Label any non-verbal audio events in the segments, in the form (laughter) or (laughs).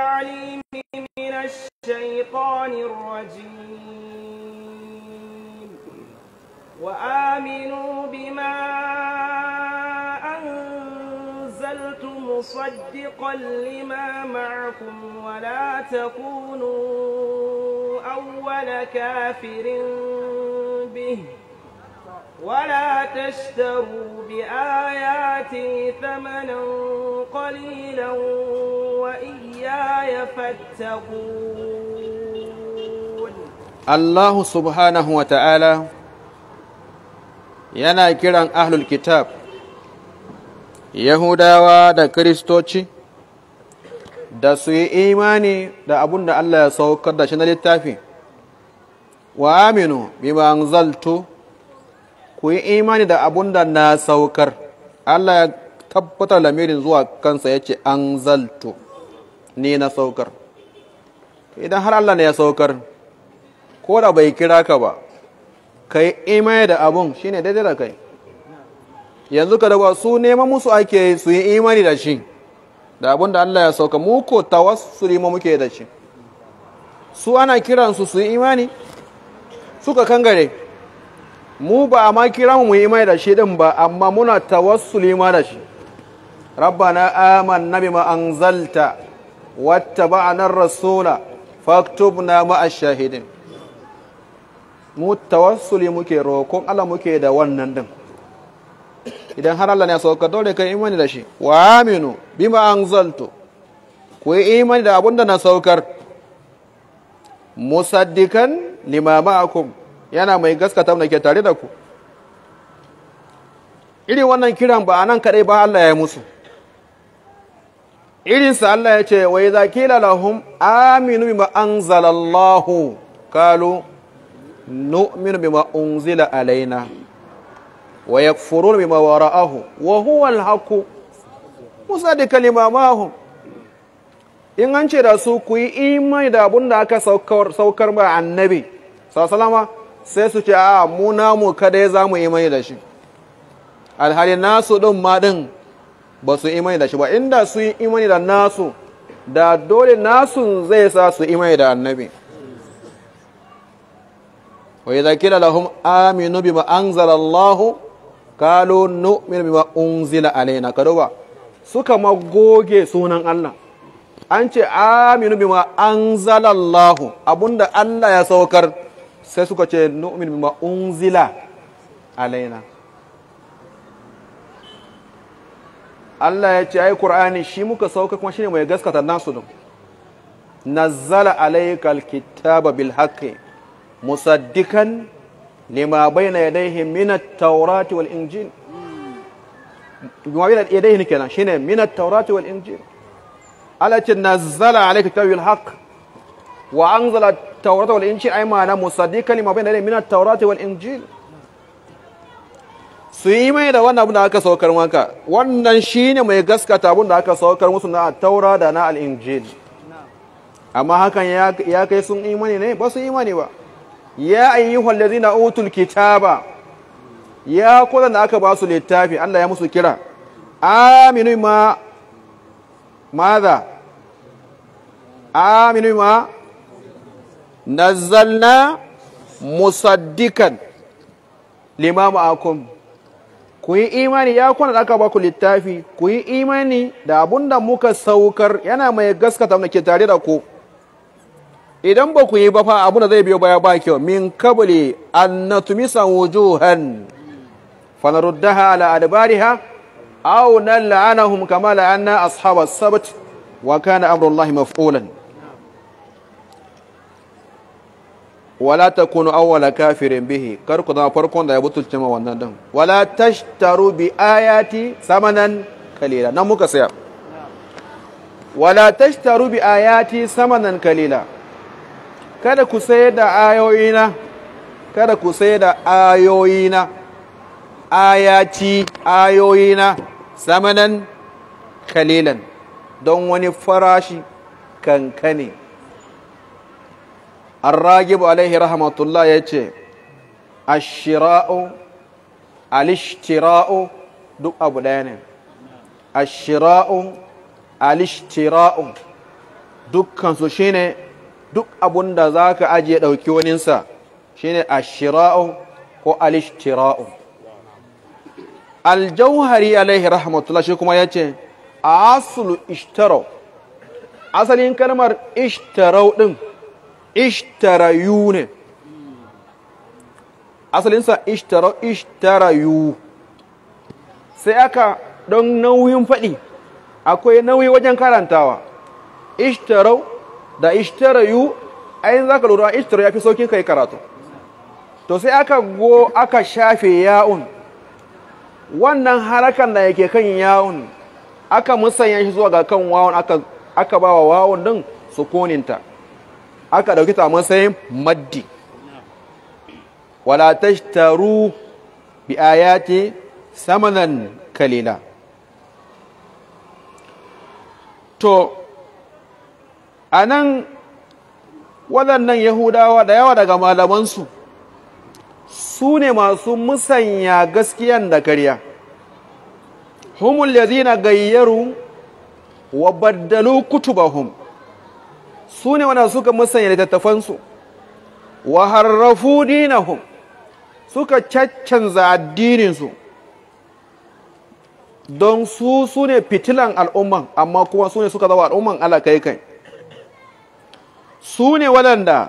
العليم من الشيطان الرجيم وآمنوا بما أنزلت مصدقا لما معكم ولا تكونوا أول كافر به ولا تشتروا بآياتي ثمنا قليلا وإياي فاتقون الله سبحانه وتعالى yana kiran ahlul kitab yahudawa da kiristoci da su yi imani da abun Allah ya saukar da shi na littafi wa aminu bima anzaltu ku yi imani da abunda na saukar Allah ya tabbatar lamirin zuwa kansa ya ce an zaltu ni na saukar idan har Allah ne ya saukar ko da bai kira ka ba ka yi da abun shi ne daidai da kai yanzu ka daga su neman musu ake su yi imani da shi da abun da Allah ya sauka mu ko tawassuli mu muke da shi su ana kiransu su yi imani suka kangare mu ba a ma kira mu yi imani da shi din ba amma muna tawassuli ma da shi rabbana amanna bima zalta. wattaba'na ar-rasula faktubna ma'a shahidin mu tawassuli muke roƙon Allah da wannan din idan har Allah ne ya sauka ka kai imani da shi wa aminu bima anzaltu ku yi imani da abunda na saukar musaddikan lima ma'akum yana mai gaskata da ke tare da ku irin wannan kiran ba a nan kaɗai ba Allah ya musu irinsa Allah ya ce wai za kila lahum aminu bima anzalallahu kalu nu'minu bima unzila alaina wa yakfuruna bi wara'ahu wa huwal haku musa da lima in an ce da su ku yi imai da abun da aka saukar ma annabi salama sai su ce a mu namu kada ya mu imai da shi alhali nasu din ma din ba su imani da shi ba inda su yi imani da nasu da dole nasu zai sa su imani da annabi wa idza qila lahum aminu bima anzala Allah qalu nu'minu bima unzila alaina kadoba suka magoge sunan Allah an ce aminu bima anzala Allah abunda Allah ya saukar sai suka ce nu'minu bima unzila alaina Allah ya ce ai Qur'ani shi muka sauka kuma shine mai gaskata nasu din nazzala alaykal kitaba bil haqqi musaddikan lima bayna yadayhi min at-taurati wal injil yuwawila yadayhi ne kenan shine min at-taurati wal injil Allah ce nazzala alaykal kitaba bil haqq wa anzala at-taurata wal injil ay ma'ana musaddikan lima bayna yadayhi min at-taurati wal injil su yi mai da wannan abin da aka saukar maka wannan shi ne mai gaskata abin da aka saukar musu na taura da na al'injil amma hakan ya kai sun imani ne ba su imani ba ya ayyuhal ladina utul kitaba ya kula da aka ba su littafi Allah ya musu kira aminu ma maza aminu ma nazalna musaddikan limamu akum ku yi imani ya kuna da aka ba ku littafi ku yi imani da abun da muka saukar yana mai gaskata da ke tare da ku idan ba ku yi ba fa abun da zai biyo baya ba kyau min kabli an natumisa wujuhan fanaruddaha ala adbariha la'ana nal'anahum kama la'ana ashabar sabt wa kana amrullahi maf'ulan wala takunu awwala kafirin bihi kar ku zama farkon da ya butulce ma wannan din wala tashtaru bi ayati samanan kalila nan muka saya wala tashtaru bi ayati samanan kalila kada ku sayar da ayoyina kada ku sayar da ayoyina ayati ayoyina samanan kalilan don wani farashi kankane الراجب عليه رحمة الله يتي الشراء الاشتراء دو أبو دين الشراء الاشتراء dukkan su shine duk abun da za ka ajiye ɗauki waninsa shine ashira'u ko alishtira'u aljauhari alaihi rahmatullah shi kuma ya ce asulu ishtarau asalin kalmar ishtarau ɗin ishtarayu ne asalinsa ishtarayu sai aka don nauyin faɗi akwai nauyi wajen karantawa ishtarau da ishtarayu ayin za ka lura ishtarau ya fi saukin kai karatu to sai aka go aka shafe ya'un wannan harakan da yake kan ya'un aka musanya shi zuwa ga kan wawon aka ba wa wawon din sukuninta aka ɗauki ta matsayin maddi wala taru bi ayati samanan kalila to anan waɗannan yahudawa da yawa daga malamansu su ne masu musanya gaskiyan da karya humul lazina gayyaru wa baddalu kutubahum su ne wanda suka musanya littattafansu wa harrafu dinahum suka caccanza addininsu don su su ne fitilan al'umman amma kuma su ne suka zawa al'umman Allah kai kai su ne waɗanda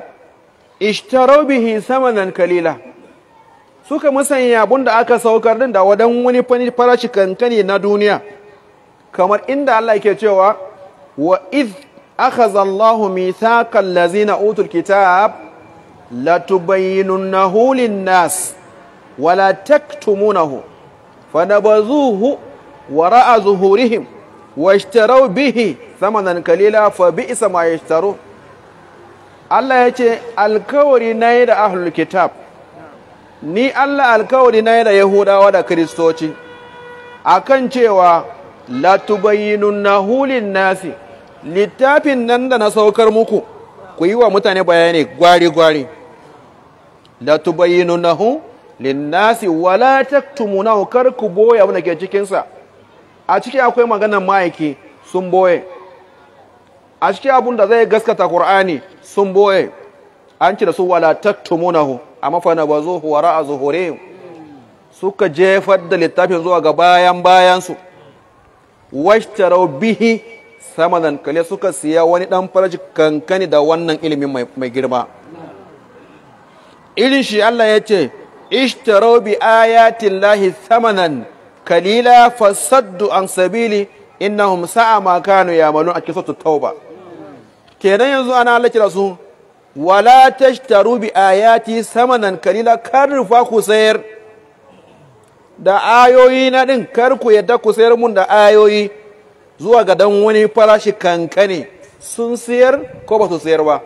ishtarau bihi samanan kalila suka musanya abin da aka saukar din da wadan wani farashi kankani na duniya kamar inda Allah ke cewa wa iz akhadha Allahu utulkitab, ladzina utul kitab latubayyinunahu lin-nas wala taktumunahu fanabadhuhu wara'a zuhurihim washtaraw bihi thamanan kalila fa bi'sa ma yashtarun Allah ya ce alkawari na yi da ahlul ni Allah alkawari na yi da Yahudawa da Kiristoci akan cewa latubayyinunnahu lin-nasi littafin nan da na saukar muku ku yi wa mutane bayani gwari-gwari na hun linnasi wala tumuna kar ku boye abin da ke cikinsa a ciki akwai maganar ma'aiki sun boye a ciki abin da zai gaskata Kur'ani sun boye an ci da su wala taktumunahu amma fa na zo huwara a zuhure suka jefar da littafin zuwa ga bayan bayansu washtarau bihi samanan kale suka siya wani dan faraji kankani da wannan ilimin mai girma irin shi Allah ya ce ishtarau bi ayatin lahi samanan kalila fasaddu an sabili innahum sa'a ma kanu yamalu a kisatu tauba kenan yanzu ana kira su wala tashtaru bi ayati samanan kalila kar rufa ku sayar da ayoyi na din kar ku yadda ku sayar mun da ayoyi zuwa ga dan wani farashi kankane sun siyar ko ba su siyar ba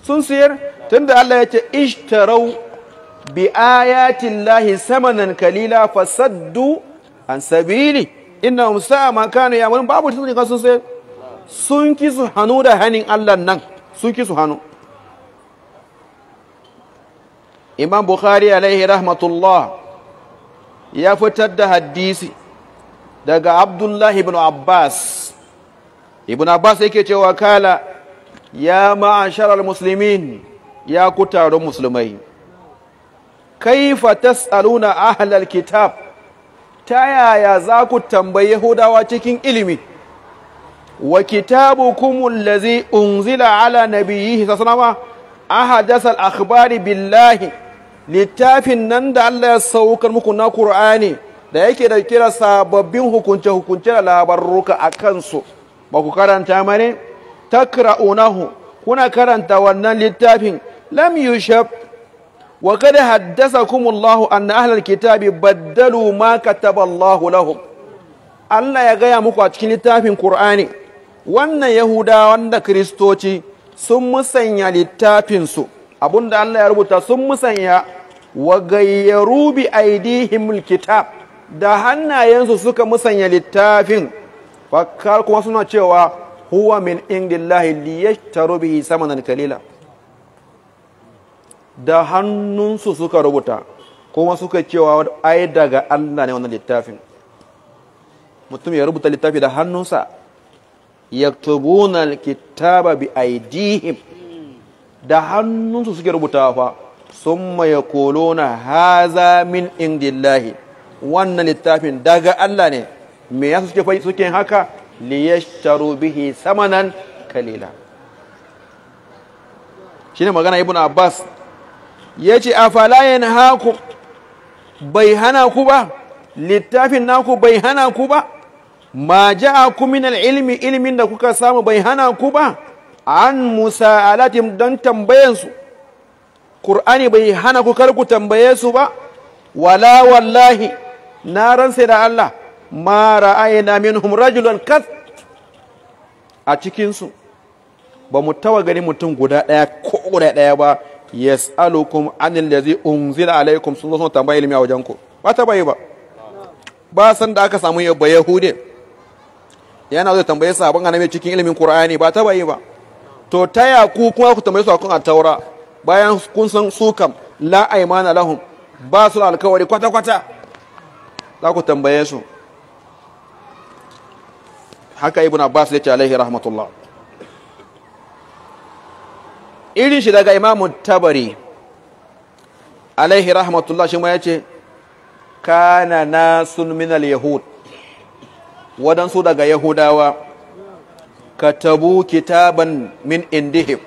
sun siyar tunda Allah ya ce ishtarau bi ayatin lahi samanan kalila fasaddu an sabili inna musa a kanu ya babu tun sun siyar sun ki su hannu da hannun Allah nan sun ki su hannu Imam Bukhari alaihi rahmatullah ya fitar da hadisi daga abdullahi ibn abbas ibn abbas yake cewa kala ya ma'asharar musulmin ya ku taron musulmai kaifa tas'aluna ahlal kitab ta yaya za ku tambayi yahudawa cikin ilimi wa kitabukum allazi unzila ala nabiyhi sallama ahadasa akhbari billahi littafin nan da Allah ya saukar muku na Qur'ani da yake da kira sababbin hukunce-hukunce da labarruka a kansu ba ku karanta mani takra'unahu kuna karanta wannan littafin lam yushab wa kada haddasa kumullahu anna ahlal kitabi baddalu ma kataba Allahu lahum Allah ya gaya muku a cikin littafin Kur'ani wannan Yahudawan da Kiristoci sun musanya littafinsu abinda Allah ya rubuta sun musanya wa gayyaru bi aidihimul kitab da hannayensu suka musanya littafin fakar kuma suna cewa huwa min indillahi liyashtaru bihi samanan kalila da hannunsu suka rubuta kuma suka cewa ai daga Allah ne wannan littafin mutum ya rubuta littafi da hannunsa yaktubuna alkitaba bi aidihim da hannunsu suke rubuta fa summa yaquluna haza min indillahi wannan littafin daga Allah ne me yasa suke fai suke haka li yashtaru bihi samanan kalila shine magana ibnu abbas yace afala haku, bai hana ku ba littafin naku bai hana ku ba ma ja'aku min ilmi ilmin da kuka samu bai hana ku ba an musa'alatim don su Kur'ani bai hana ku kar ku tambaye su ba wala wallahi na ransa da Allah ma min minhum rajulan kat a cikinsu ba mu tawa gani mutum guda ɗaya ko guda ɗaya ba yes alukum anil ladzi unzila alaikum sun zo sun tambaye ilimi a wajen ku ba ta bayi ba ba san da aka samu yabba yahude yana zai tambaye sabon mai cikin ilimin qur'ani ba ta bayi ba to ta ya ku kuma ku tambaye su akan a taura bayan kun san su kam la aymana lahum ba su alkawari kwata kwata za ku tambaye su haka ibn abbas ya ce alaihi rahmatullah irin shi daga imamu tabari alaihi rahmatullah shi ma ya ce kana sun minal yahud waɗansu daga yahudawa ka katabu kitaban min indihim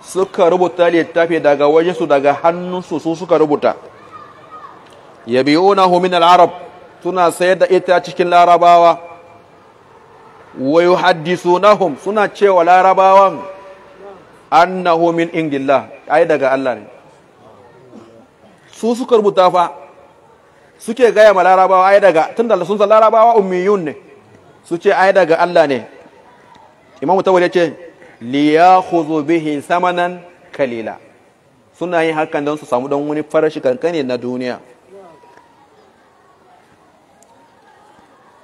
suka rubuta littafi daga wajensu daga hannunsu su suka rubuta yabi'unahu min al-arab suna sayar da ita cikin larabawa wa yuhaddisunahum suna cewa larabawan annahu min ingillah ai daga Allah ne su suka rubuta fa suke gaya ma larabawa ai daga tun da sun san larabawa ummiyun ne su ce ai daga Allah ne imam tawali ce li yakhudhu bihi samanan kalila suna yin hakan don su samu don wani farashi kankane na duniya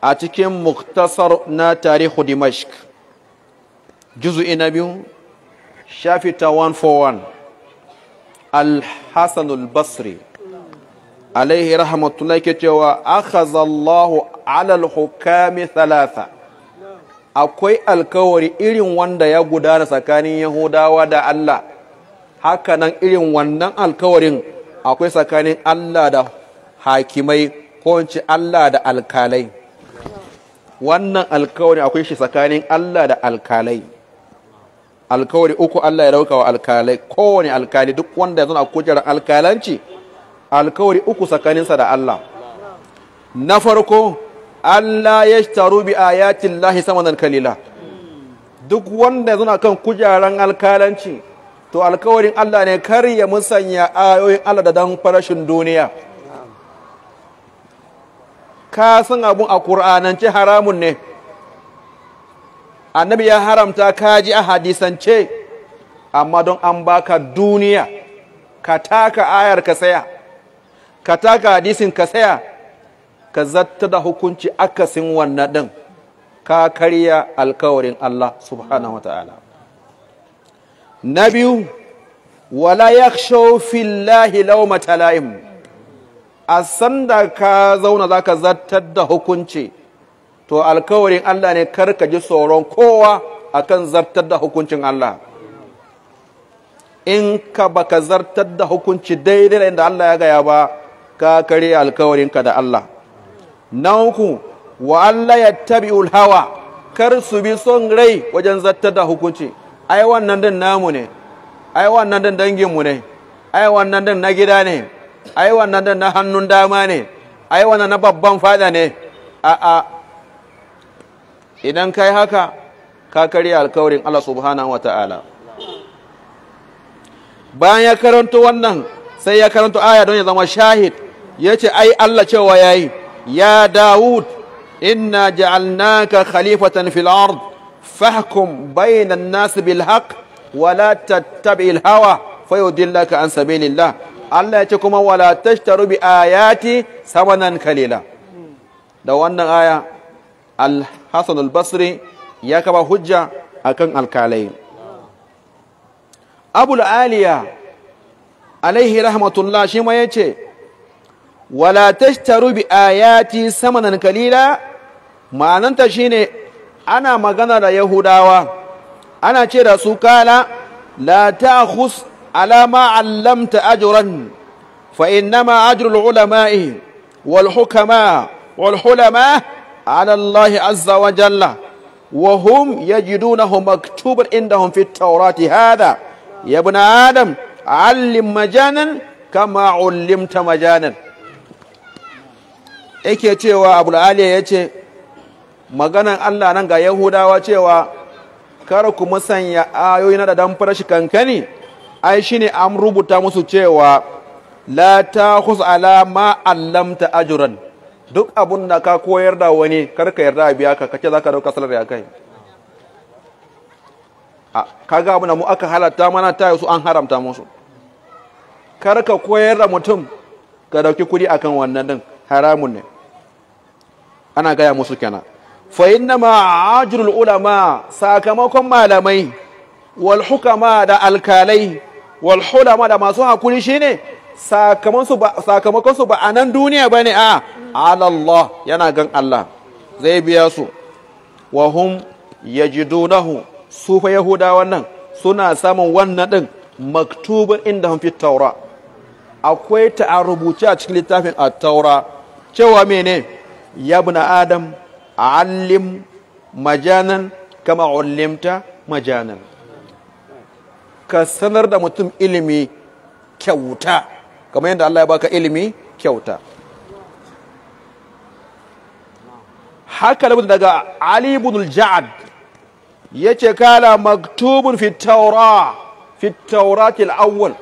a cikin muktasar na tarihu dimashk juzu'i na biyu shafi ta 141 al-hasan al-basri alaihi rahmatullahi ke cewa akhadha Allahu ala hukami thalatha akwai alkawari irin wanda ya gudana tsakanin yahudawa da Allah hakanan irin wannan alkawarin akwai tsakanin Allah da hakimai ko Allah da alkalai wannan alkawari akwai shi tsakanin Allah da alkalai alkawari uku Allah ya dauka wa alkalai kowane alkali duk wanda ya zana kujerar alkalanci alkawari uku tsakaninsa da Allah na farko Allah ya taru bi ayatin lahi samanan kalila duk wanda ya zana kan kujerar alkalanci to alkawarin Allah ne kar ya musanya ayoyin Allah da dan farashin duniya ka san abun a ƙur'anance haramun ne annabi ya haramta kaji a hadisance amma don an baka duniya ka taka ayar ka saya ka taka hadisin ka saya ka zata da hukunci akasin wannan din ka karya alkawarin Allah subhanahu wa ta'ala na biyu wala yakhshaw fillahi lawmata la'im a sanda ka zauna za ka zartar da hukunci to alkawarin Allah ne kar ka ji tsoron kowa a kan zartar da hukuncin Allah in ka baka zartar da hukunci daidai da Allah ya gaya ba ka kare alkawarinka da Allah na uku wa Allah ya tabi hawa kar su bi son rai wajen zartar da hukunci ai wannan din namu ne ai wannan din danginmu ne ai wannan din na gida ne ai wannan da na hannun dama ne ai wannan na babban fada ne A'a. idan kai haka ka karya alkawarin Allah subhanahu wata'ala bayan ya karanto wannan sai ya karanto aya don ya zama shahid ya ce ai Allah cewa yayi ya Dawud inna ja'alnaka khalifatan fil ard fahkum bainan nas bil haqq wa la tattabi'il hawa fayudillaka an sabilillah Allah ya ce kuma wala tashtaru bi ayati samanan kalila da wannan aya al-Hasan al-Basri ya kaba hujja akan alkalai Abul'aliya Aliya alaihi rahmatullah shi ma yace wala tashtaru bi ayati samanan kalila ma'ananta shine ana magana da Yahudawa ana ce da su kala la ta'khus على ما علمت أجرا فإنما أجر العلماء والحكماء والحلماء على الله عز وجل وهم يجدونه مكتوبا عندهم في التوراة هذا يا ابن آدم علم مجانا كما علمت مجانا yake cewa abu aliya ya ce maganan allah nan ga yahudawa cewa kar ku musanya ayoyi na da dan farashi kankani ai shine an rubuta musu cewa la ta ala ma allamta ajuran duk abun da ka koyar da wani karka yarda a biya ka za ka dauka salar ya kai kaga abuna mu aka halatta mana ta su an haramta musu karka koyar da mutum ka dauki kudi akan wannan din haramun ne ana gaya musu kenan fa innama ajrul ulama sakamakon malamai wal hukama da alkalai walhula ma da masu hakuri shine sakamakon su ba a nan duniya bane a alallah yana gan Allah zai biya su wa ji dunahu su fa yahuda nan suna samun wannan din maktubin inda hun fi taura akwai ta a rubuce a cikin littafin a taura cewa mene na adam a allim majanan kama ullimta majanan ka sanar da mutum ilimi kyauta kamar yadda Allah ya baka ilimi kyauta haka da daga Ali ibn al-Ja'ad yace kala maktubun fi tawra fi tawrat awwal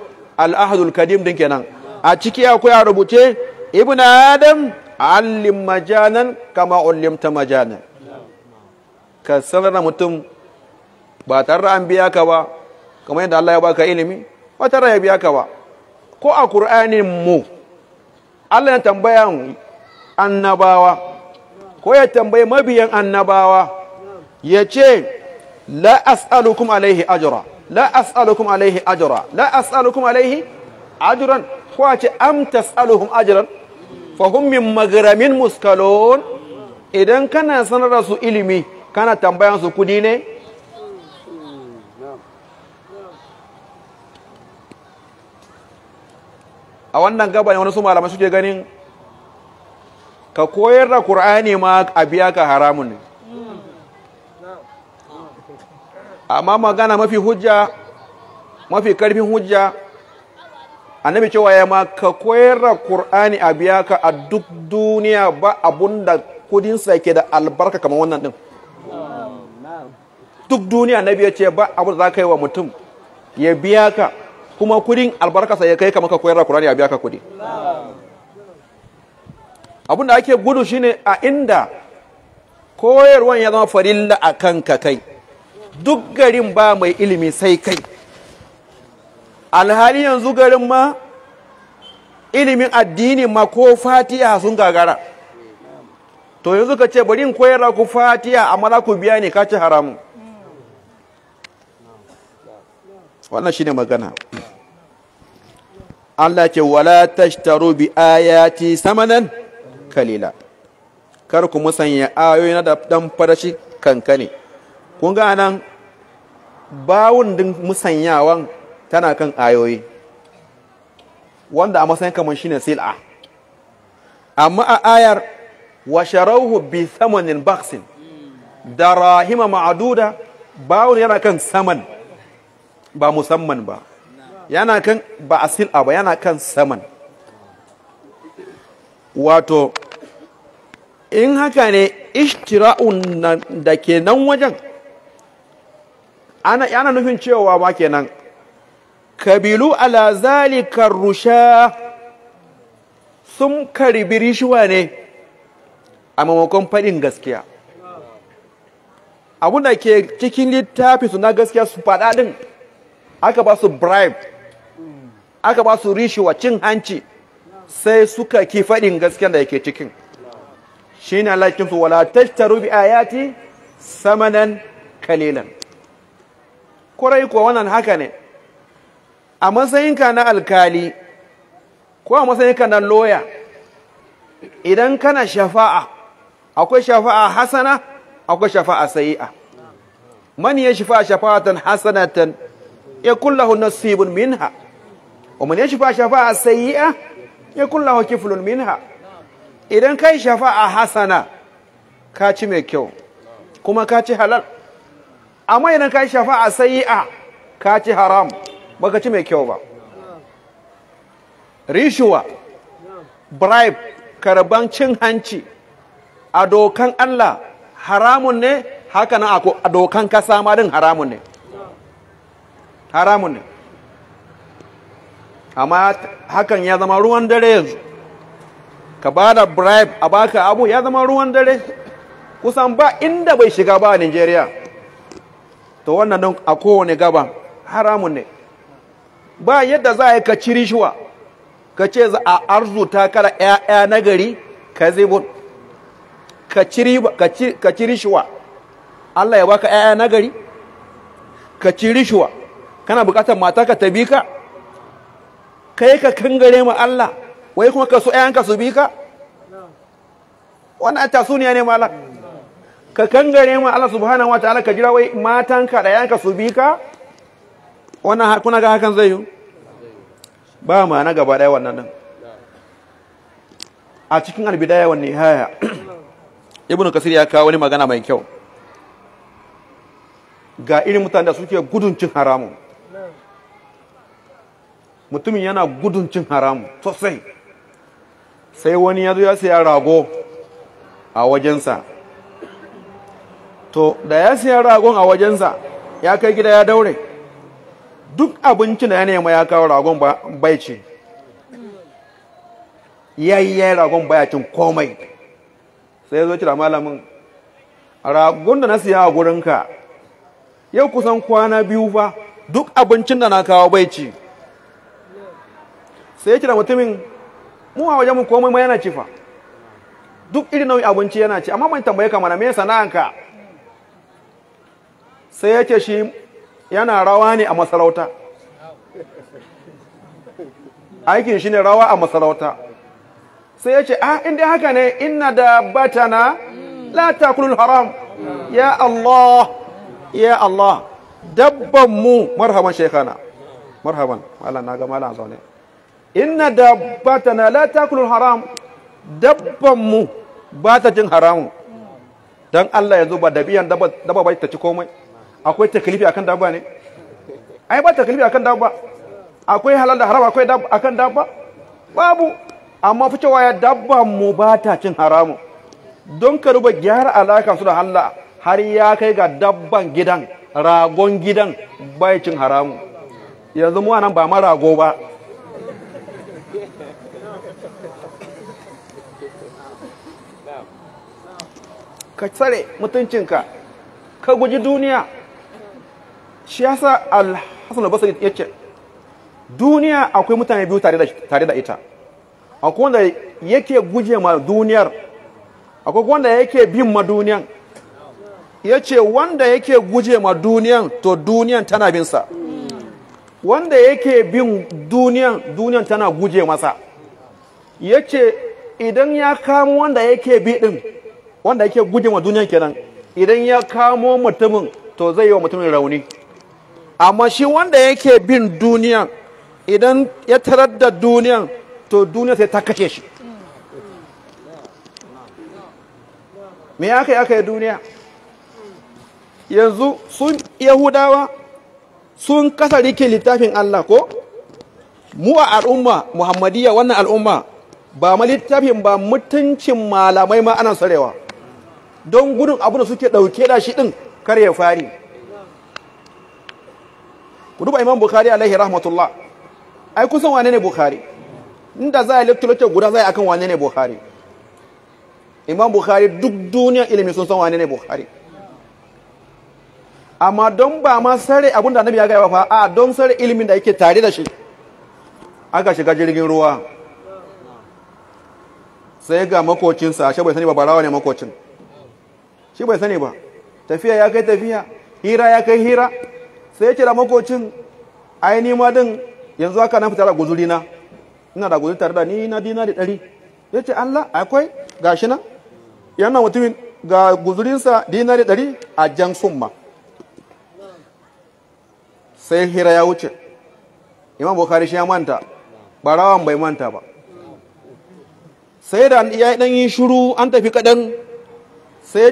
kadim din kenan a ciki akwai a rubuce ibn adam allim majanan kama ta majanan ka sanar da mutum ba tare an biya ka ba kamar yadda Allah ya baka ilimi wata tare ya biya ka ba ko a Qur'anin mu Allah ya tambayan annabawa ko ya tambaye mabiyan annabawa ya ce la as'alukum alaihi ajra la as'alukum alaihi ajra la as'alukum alaihi ajran ko a ce am tas'aluhum ajran fa min idan kana sanar da su ilimi kana tambayan su kudi ne a wannan gaba ne wani su malamai suke ganin ka koyar da qur'ani ma a biya ka haramun ne amma magana mafi hujja mafi karfin hujja annabi cewa ya ma ka koyar da Kur'ani a biya ka a duk duniya ba abun da kudinsa ke da albarka kamar wannan din duk duniya nabi ya ce ba abu da za ka yi wa mutum ya biya ka kuma kudin albarkasa ya kai kamar ka koyar da Qur'ani a biya ka kudi abinda ake gudu shine a inda koyarwan ya zama farilla a ka kai duk garin ba mai ilimi sai kai alhali yanzu garin ma ilimin addini ma ko fatiya sun gagara to yanzu ka ce bari in koyar ku fatiya amma za ku biya ne ka haramun wannan shine magana Allah ce wala tashtaru bi ayati samanan kalila kar ku musanya ayoyi na dan farashi kankane kun ga nan bawun din musanyawan tana kan ayoyi wanda a matsayin kamar shine sil'a amma a ayar wa sharauhu bi samanin baksin da rahima ma'aduda bawun yana kan saman ba musamman ba yana kan ba a sil'a ba yana kan saman wato in haka ne ishtira'un da ke nan wajen yana nufin cewa ma kenan kabilu ala zalikar rusha sun karbi rishuwa ne a mamakon faɗin gaskiya Abu da ke cikin littafi su na gaskiya su faɗaɗin aka ba su bribe aka ba su rishiwa cin hanci sai suka ki faɗin gaskiyar da yake cikin shi na laikinsu wala tashtaru bi ayati samanan kalilan kwarai kuwa wannan haka ne a ka na alkali ko a ka na loya idan kana shafa'a akwai shafa'a hasana akwai shafa'a sai'a. man ya shafa'a shafa'atan hasanatan yakun lahu nasibun minha wa man yashfa shafa'a sayyi'a yakun lahu kiflun minha idan kai a hasana ka ci mai kyau kuma ka ci halal amma idan kai shafa'a sayyi'a ka ci haram baka ci mai kyau ba rishuwa bribe karban cin hanci a dokan Allah haramun ne haka na a dokan kasa ma din haramun ne haramun ne amma hakan ya zama ruwan dare yanzu ka ba da bribe a baka abu ya zama ruwan dare kusan ba inda bai shiga ba a nigeria to wannan don a kowane gaba haramun ne ba yadda za a yi ka shuwa ka ce za a arzuta kara 'ya'ya na gari ka zibun ka ciri shuwa allah ya baka 'ya'ya na gari ka ciri shuwa kana bukatar mata ka ta bi ka kai ka kangare mu Allah wai kuma ka so ƴaƴanka su bi ka wannan suniya ne malam ka kangare mu Allah subhanahu wa ta'ala ka jira wai matanka da ƴaƴanka su bi ka wannan kuna ga hakan zai yi ba ma na gaba ɗaya wannan din a cikin albidaya wannan nihaya (clears throat) ibnu kasir ya kawo wani magana mai kyau ga irin mutanen da suke gudun cin haramun mutumin yana gudun cin haramu sosai sai wani ya zo ya siya rago a wajensa to da ya siya ragon a wajensa ya kai gida ya daure duk abincin da ya nema ya kawo ragon bai ce ya yi ya ragon baya cin komai sai ya zo cira malamin ragon da na siya a gurinka yau kusan kwana biyu fa duk abincin da na kawo bai ci sai ya kira mutumin mu a wajen mu komai ma yana ci fa duk irin nau'in abinci yana ci amma ban tambaye ka mana me sana'anka sai ya ce shi yana rawa ne a masarauta aikin shi ne rawa a masarauta sai ya ce ah inda haka ne ina da batana la takulul haram ya Allah ya Allah dabban mu marhaban shekana marhaban ala na ga malam zaune inna dabbatana la takulu haram dabban mu ba ta jin haramu. dan Allah yanzu ba dabiyan dabba ba ta ci komai akwai taklifi akan dabba ne ai ba taklifi akan dabba akwai halal da haram akwai akan dabba babu amma fi cewa ya dabban mu ba ta cin haramu? don ka ruba gyara alaka su da Allah har ya kai ga dabban gidan ragon gidan bai cin haramu yanzu mu nan ba ma rago ba ka tsare mutuncinka ka guji duniya shi yasa al-hasan al-basri yace duniya akwai mutane biyu tare da ita akwai wanda yake guje ma duniyar akwai wanda yake bin ma duniyar. ya ce wanda yake guje ma duniyan to duniyan tana binsa wanda yake bin duniyan duniyan tana guje masa ya ce idan ya kamo wanda yake bi din wanda yake guje ma duniyan kenan idan ya kamo mutumin to zai yi wa mutumin rauni amma shi wanda yake bin duniyan idan ya tarar da duniyan to duniya sai ta kashe shi me aka yi aka yi duniya yanzu sun yahudawa sun kasa rike littafin Allah ko mu a al'umma muhammadiyya wannan al'umma ba ma littafin ba mutuncin malamai ma ana sarewa don gudun abu da suke ɗauke da shi ɗin kar ya fari ku duba imam bukhari alaihi rahmatullah ai kusan wane ne bukhari inda za a lecture guda za a kan wane ne bukhari imam bukhari duk duniyar ilimi sun san wane ne bukhari amma don ba ma sare abin da annabi ya gaya ba a don sare ilimin da yake tare da shi aka shiga jirgin ruwa sai ga makocinsa shi bai sani ba barawa ne makocin shi bai sani ba tafiya ya kai tafiya hira ya kai hira sai ya ce da makocin aini ma din yanzu haka na fita da guzuri na ina da guzuri tare da ni na dina da dari ya ce Allah akwai gashi na yana mutumin ga guzurinsa dina da dari a jan summa sai hira ya wuce imam bukari shi ya manta barawan bai manta ba sai da ya dan yi shuru an tafi kadan sai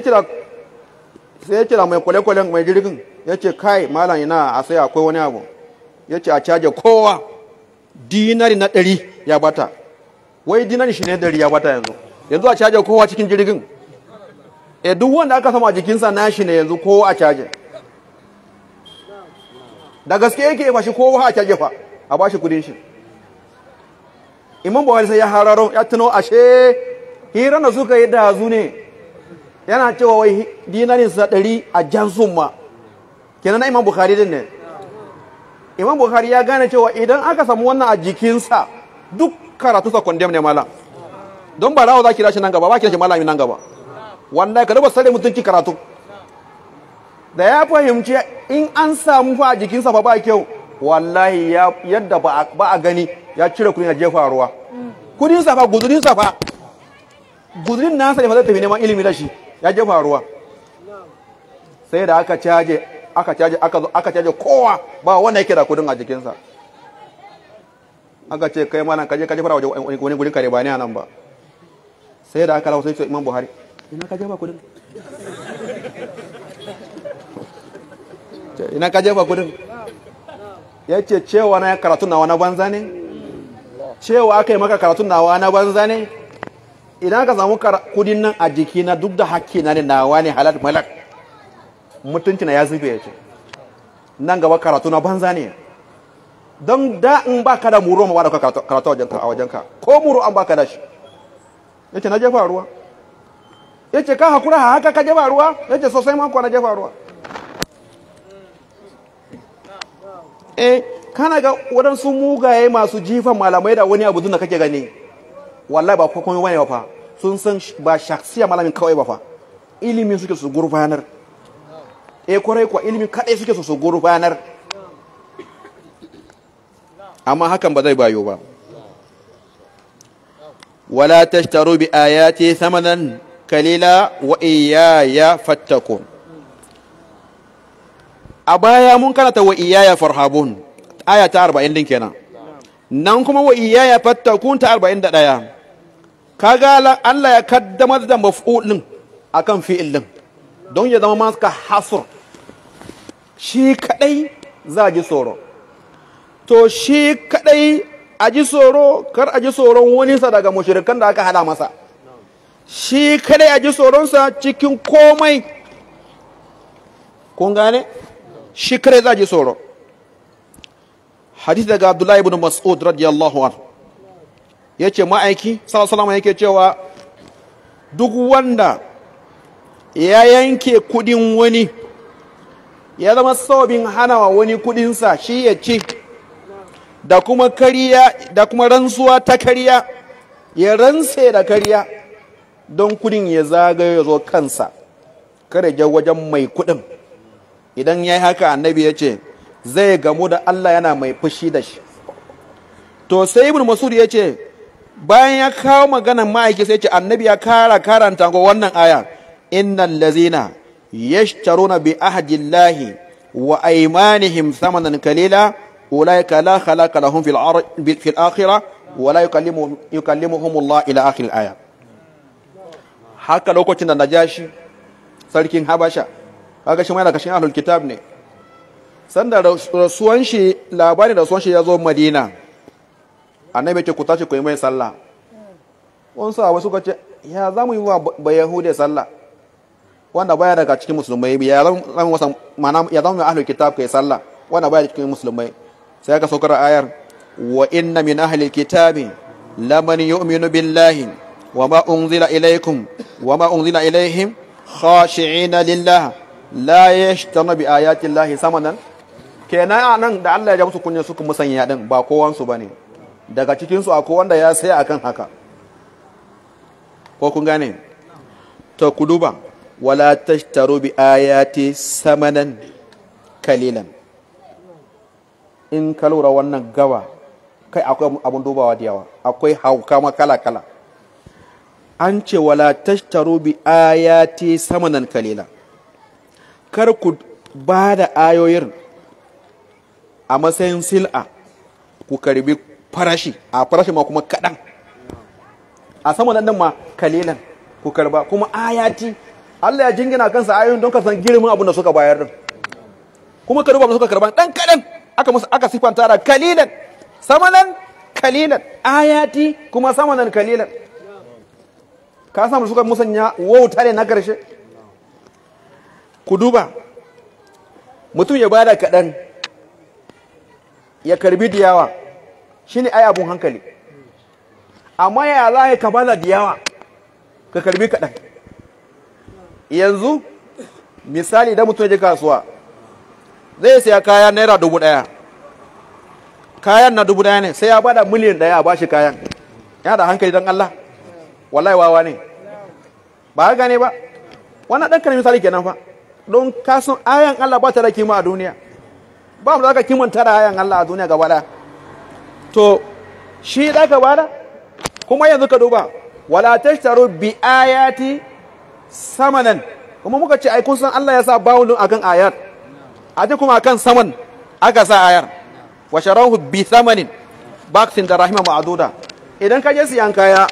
ya kira mai kwale-kwalen mai jirgin ya ce kai malam ina a sai akwai wani abu ya ce a caje kowa dinari na ɗari ya bata wai dinari shi ne ɗari ya bata yanzu yanzu a caje kowa cikin jirgin e duk wanda aka sama jikinsa na shi ne yanzu kowa a caje da gaske yake fa shi kowa a kyage fa a bashi kudin shi imam buhari sai ya hararo ya tuno ashe hira na suka yi dazu ne yana cewa wai dinarin sa dari a jansun ma kenan na imam buhari din ne imam buhari ya gane cewa idan aka samu wannan a jikinsa duk karatu sa condemn ne mala don ba rawa za ki rashi nan gaba ba ki rashi malami nan gaba wallahi ka duba sare mutunci karatu da ya fahimci in an samu fa a jikinsa ba ba kyau wallahi yadda ba a gani ya cire kudin ya jefa ruwa kudin sa fa guzurin sa fa guzurin nasa ne fa zai tafi neman ilimi da shi ya jefa ruwa sai da aka caje aka caje aka zo aka caje kowa ba wanda yake da kudin a jikinsa aka ce kai mana kaje kaje fara waje wani gurin kare ba ne a nan ba sai da aka rawa sai ce imam buhari ina kaje ba kudin ina ka jefa gudun ya ce cewa na ya karatu nawa na banza ne cewa aka yi maka karatu nawa na banza ne idan ka samu kudin nan a jiki na duk da haƙƙi na ne nawa ne halal malak mutunci na ya zube ya ce nan gaba karatu na banza ne don da in ba ka da muro ma ba karatu a wajenka ko muro an ba ka da shi ya ce na jefa ruwa ya ce ka hakura haka ka jefa ruwa ya ce sosai ma kuwa na jefa ruwa eh kana ga waɗansu mugaye masu jifan malamai da wani abu da kake gani wallahi ba komai bane ba fa sun san ba shaksiya malamin kawai ba fa ilimi suke su gurfanar eh kwarai kwa ilimi kadai suke su gurfanar amma hakan ba zai bayo ba wala tashtaru bi ayati thamanan kalila wa iyaya fattakun a baya mun karanta wa iyaya farhabun aya ta arba'in din kenan nan kuma wa iyaya fattakun ta arba'in da ka kaga Allah ya kaddamar da a akan fi'il din don ya zama maka hasur shi kaɗai za a ji tsoro to shi kaɗai a ji tsoro kar a ji tsoron wanisa daga mashirikan da aka hada masa shi kaɗai a ji tsoronsa cikin komai kun gane shi kare za a ji tsoro hadith daga abdullahi ibn mas'ud radiyallahu ya ce ma'aiki salasalama yake cewa duk wanda ya yanke kudin wani ya zama sababin hana wa wani kudinsa shi ya ci da kuma kariya da kuma rantsuwa ta kariya ya rantse da kariya don kudin ya zagaye zo kansa kare wajen mai kudin idan ya yi haka annabi ya ce zai gamu da Allah yana mai fushi da shi to sai ibn masud ya ce bayan ya kawo maganar ma'aiki sai ce annabi ya kara karanta ga wannan aya innal lazina yashtaruna bi ahdillahi wa aymanihim thamanan kalila ulaika la khalaqa lahum fil fil akhirah wa la yukallimuhum Allah ila akhir aya haka lokacin da najashi sarkin habasha kaga shi ma yana kashin ahlul kitab ne sanda rasuwan shi da rasuwan shi ya zo madina annabi ce ku tashi ku yi mai sallah wasu sa wasu kace ya za mu yi wa bayahude sallah wanda baya daga cikin musulmai ya zama wasa mana ya za mu ahlul kitab kai sallah wanda baya cikin musulmai sai aka saukar ayar wa inna min ahlil kitabi laman yu'minu billahi wa ma unzila ilaykum wa ma unzila ilayhim khashi'ina lillah la a bi ayati llahi samanan kenan a nan da Allah ya ja musu kunya suka musanya din ba kowansu ba ne daga cikinsu a wanda ya saya akan haka ko kun gane ta kuduba wala a bi ayati samanan kalilan in ka wannan gaba kai akwai abun dubawa da yawa akwai hauka ma kala kala an ce wala a bi ayati samanan kalilan kar ku ba da ayoyin a matsayin sil'a ku karbi farashi a farashi ma kuma kaɗan a sama nan ma kalilan ku karba kuma ayati Allah ya jingina kansa ayoyin don ka san girman abin da suka bayar din kuma ka duba suka karban dan kaɗan aka musu aka sifanta da kalilan samanan kalilan ayati kuma samanan kalilan ka samu suka musanya wautare na karshe ku duba mutum ya bada kaɗan ya karbi da yawa shi ne ai abun hankali amma ya za ka bada da yawa ka karbi kaɗan yanzu misali idan mutum ya je kasuwa zai siya kaya naira dubu ɗaya kayan na dubu ɗaya ne sai ya bada miliyan ɗaya a bashi kayan yana da hankali don Allah wallahi wawa ne ba ga ne ba wannan ɗan karmi misali kenan fa don kasan ayan Allah ba ta da kima a duniya ba mu da kimanta da ayan Allah a duniya gaba da to shi da ka bada kuma yanzu ka duba wala tashtaru bi ayati samanan kuma muka ce ai kun san Allah ya sa bawulun akan ayar a ce kuma akan saman aka sa ayar wa sharahu bi samanin baksin da rahima ma'aduda idan ka je siyan kaya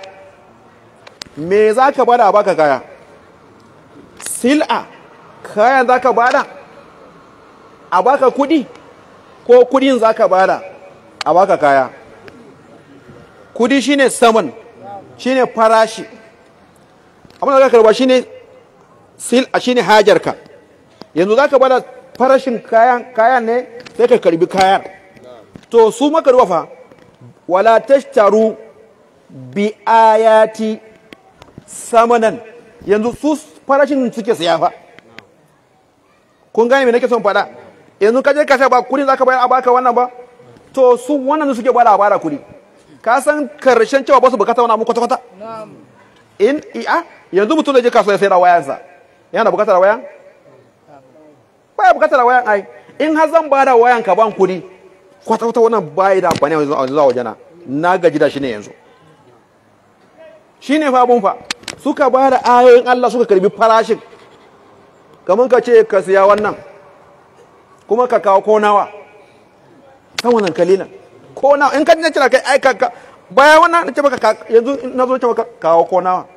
me za ka bada da baka kaya sil'a kayan za ka bada a baka kudi ko kudin za ka bada a baka kaya kudi shine saman shine farashi abin da za ka karba shine sil a shine hajarka yanzu za ka bada farashin kayan kayan ne sai ka karbi kayan to su maka rufa wala tashtaru bi ayati samanan yanzu su farashin suke siya fa kun gane me nake son faɗa yanzu ka je ka ce ba kuɗi zaka bayar a baka wannan ba to su wannan suke bada a bada kuɗi ka san karshen cewa ba su bukata wani abu kwata kwata in a yanzu mutum da je kasuwa ya sayar da wayansa yana bukatar wayan baya bukatar wayan ai in har zan bada wayan ka ban kuɗi kwata kwata wannan bai da amfani yanzu a wajena na gaji da shi ne yanzu shine fa abun fa suka bada ayoyin Allah suka karbi farashin kamar ka ce ka siya wannan kuma ka kawo konawa kan wannan kalilan konawa in ka jina cira kai ai ka wannan na ce maka yanzu na zo ce maka kawo konawa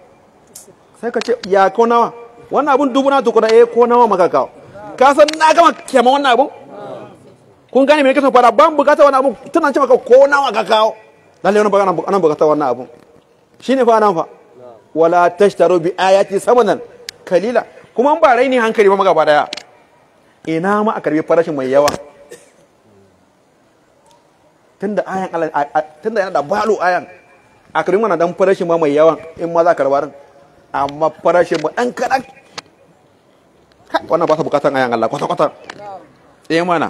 sai ka ce ya konawa wannan abun dubu na tukuna eh konawa nawa maka kawo ka san na gama kyama wannan abun kun gane me kasan fara ban bukata wannan abun tunan ce maka konawa ka kawo lalle wannan bagana anan bukata wannan abun shine fa nan fa wala tashtaru bi ayati samanan kalila kuma ba raini hankali ba magaba daya ina ma a karbi farashin mai yawa tunda ayan tunda yana da balo ayan a karbi mana dan farashin ma mai yawa in ma za ka karbarin amma farashin mu dan kadan wannan ba ta bukatan ayan Allah kwata kwata eh mana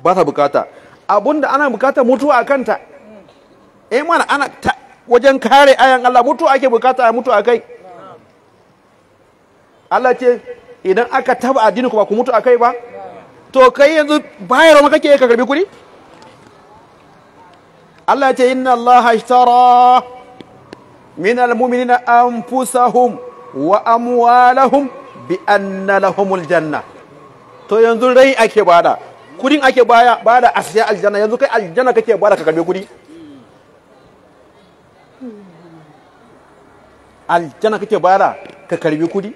ba ta bukata abunda ana bukata mutuwa a kanta eh mana ana wajen kare ayan Allah mutuwa ake bukata a mutuwa a kai Allah ce idan aka taba addini ba ku mutu akai ba to kai yanzu bayar ma kake ka karbi kuɗi Allah ce inna Allah ashtara min almu'minina anfusahum wa amwalahum bi anna lahumul janna to yanzu rai ake bada kudin ake baya bada a siya aljanna yanzu kai aljanna kake bada ka karbi kudi aljanna kake bada ka karbi kudi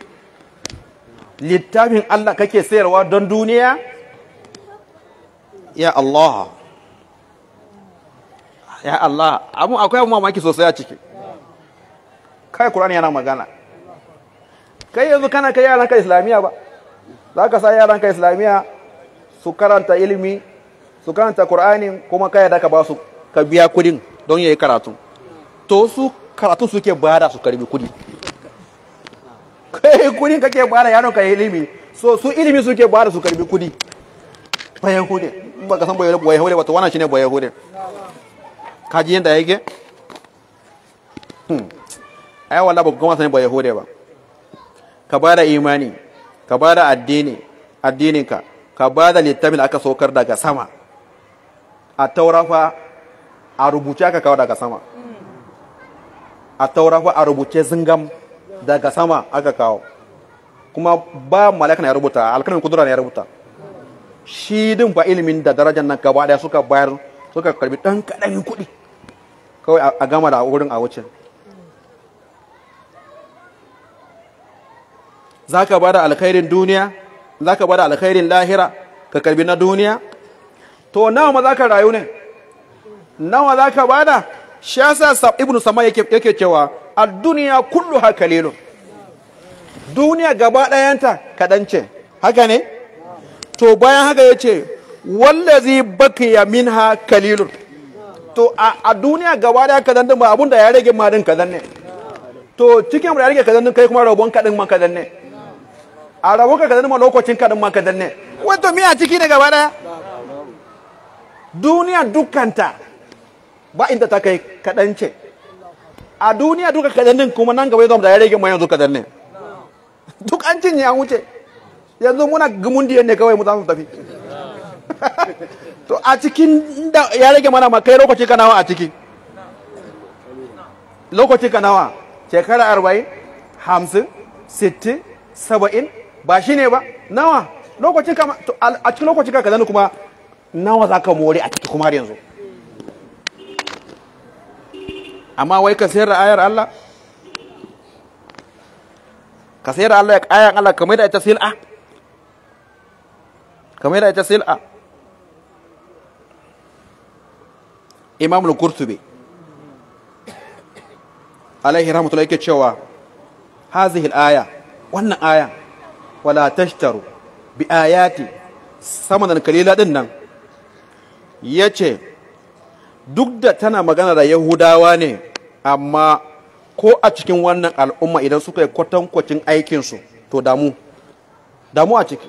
littafin Allah kake sayarwa don duniya ya Allah ya Allah abu akwai abu mamaki sosai a ciki kai Qur'ani yana magana kai yanzu kana kai yaran ka islamiyya ba za ka sa yaran ka islamiyya su karanta ilimi su karanta Kur'ani kuma kai da ka ba su ka biya kudin don yayi karatu to su karatu suke bada su karbi kudi kai kudin kake bara yaron ka ilimi so su ilimi suke bara su karbi kudi bayan hude in ka san bayan hude wato wannan shine bayan hude ji yanda yake hmm ai wallahi ba kuma san bayan hude ba ka bada imani ka bada addini addinin ka bada littafin aka saukar daga sama a taurafa a rubuce aka kawo daga sama a taurafa a rubuce zingam daga sama aka kawo kuma ba malaka ya rubuta alkalin kudura na ya rubuta shi din ba ilimin da darajar nan gaba daya suka bayar suka karbi dan kadamin kuɗi kawai a gama da wurin a wucin za ka ba da alkhairin duniya za ka ba da alkhairin lahira ka karbi na duniya to nawa ma za ka rayu ne nawa za ka ba da shi yasa ibnu sama yake cewa duniya kullu kulluha kalilun duniya gaba ɗayanta kaɗan ce haka ne to bayan haka ya ce wallazi bakiya minha kalilu to a duniya gaba ɗaya kaɗan din ba abun da ya rage ma din kaɗan ne to cikin da ya rage kadan din kai kuma rabon kaɗin ma kaɗan ne a rabon ka kaɗan ma lokacin kaɗan ma kaɗan ne wato a ciki ne gaba da duniya dukkanta ba inda ta kai kaɗan ce a duniya duka kadannin kuma nan gaba ya zama da ya rage mu yanzu kadannin duk an cinye an wuce yanzu muna diyan ne kawai mu za mu tafi (laughs) to a cikin da ya rage mana ma kai lokaci ka nawa a ciki lokaci ka nawa shekara arba'in hamsin sittin saba'in ba shi ne ba nawa lokacin ka a cikin lokacin ka kadannin kuma nawa za ka more a ciki kuma har yanzu amma wai ka sayar da ayar Allah ka sayar da Allah ayar Allah kamar da ita sil'a kamar da ita sil'a Imam al-Qurtubi alaihi rahmatullahi yake cewa hazihi al-aya wannan aya wala tashtaru bi ayati samanan kalila din nan yace duk da tana magana da yahudawa ne amma ko a cikin wannan al'umma idan suka yi kwatankwacin aikinsu to damu damu a ciki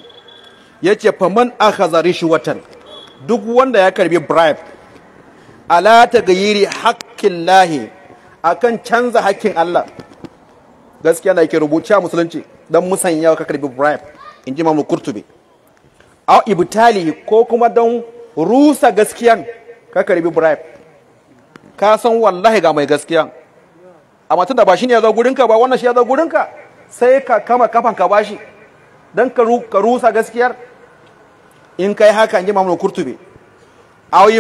ya ce faman aka shi watan duk wanda ya karbi bribe ala ta gayiri hakkin lahi a kan canza hakkin Allah gaskiya na yake rubuce a musulunci don musanya ka karbi bribe in ji mamu kurtubi a ibitali ko kuma don rusa gaskiyan ka karbi bribe ka san wallahi ga mai gaskiya amma tunda ba shi ne ya zo gurinka ba wannan shi ya zo gurinka sai ka kama kafan ka bashi Don ka rusa gaskiyar in kai haka in ji mamun kurtube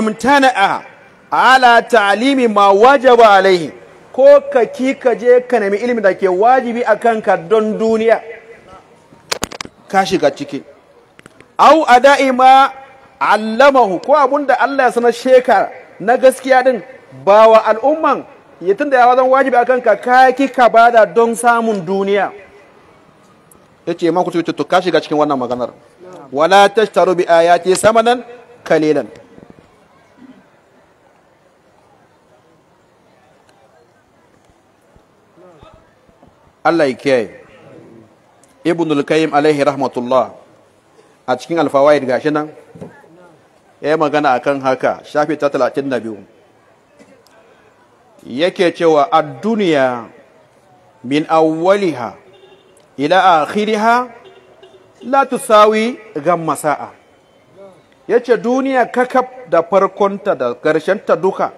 mutane a ala ta'alimi ma wajaba alaihi ko ka ki ka je ka nemi ilimi da ke wajibi a ka don duniya ka shiga ciki au ada'i ma allamahu ko abun da Allah ya sanar sheka na gaskiya din ba wa al'umman ya tunda ya wajen wajibi akan ka kaki ka bada don samun duniya yace maku kutubi to ka shiga cikin wannan maganar wala taro bi ayati samanan kalilan Allah ya kiyaye ibnul qayyim alaihi rahmatullah a cikin alfawaid gashi nan ya magana akan haka shafi ta 32 yake cewa ad-dunya min awwaliha ila akhiriha la tusawi gamma sa'a yace duniya kakab da farkonta da ta duka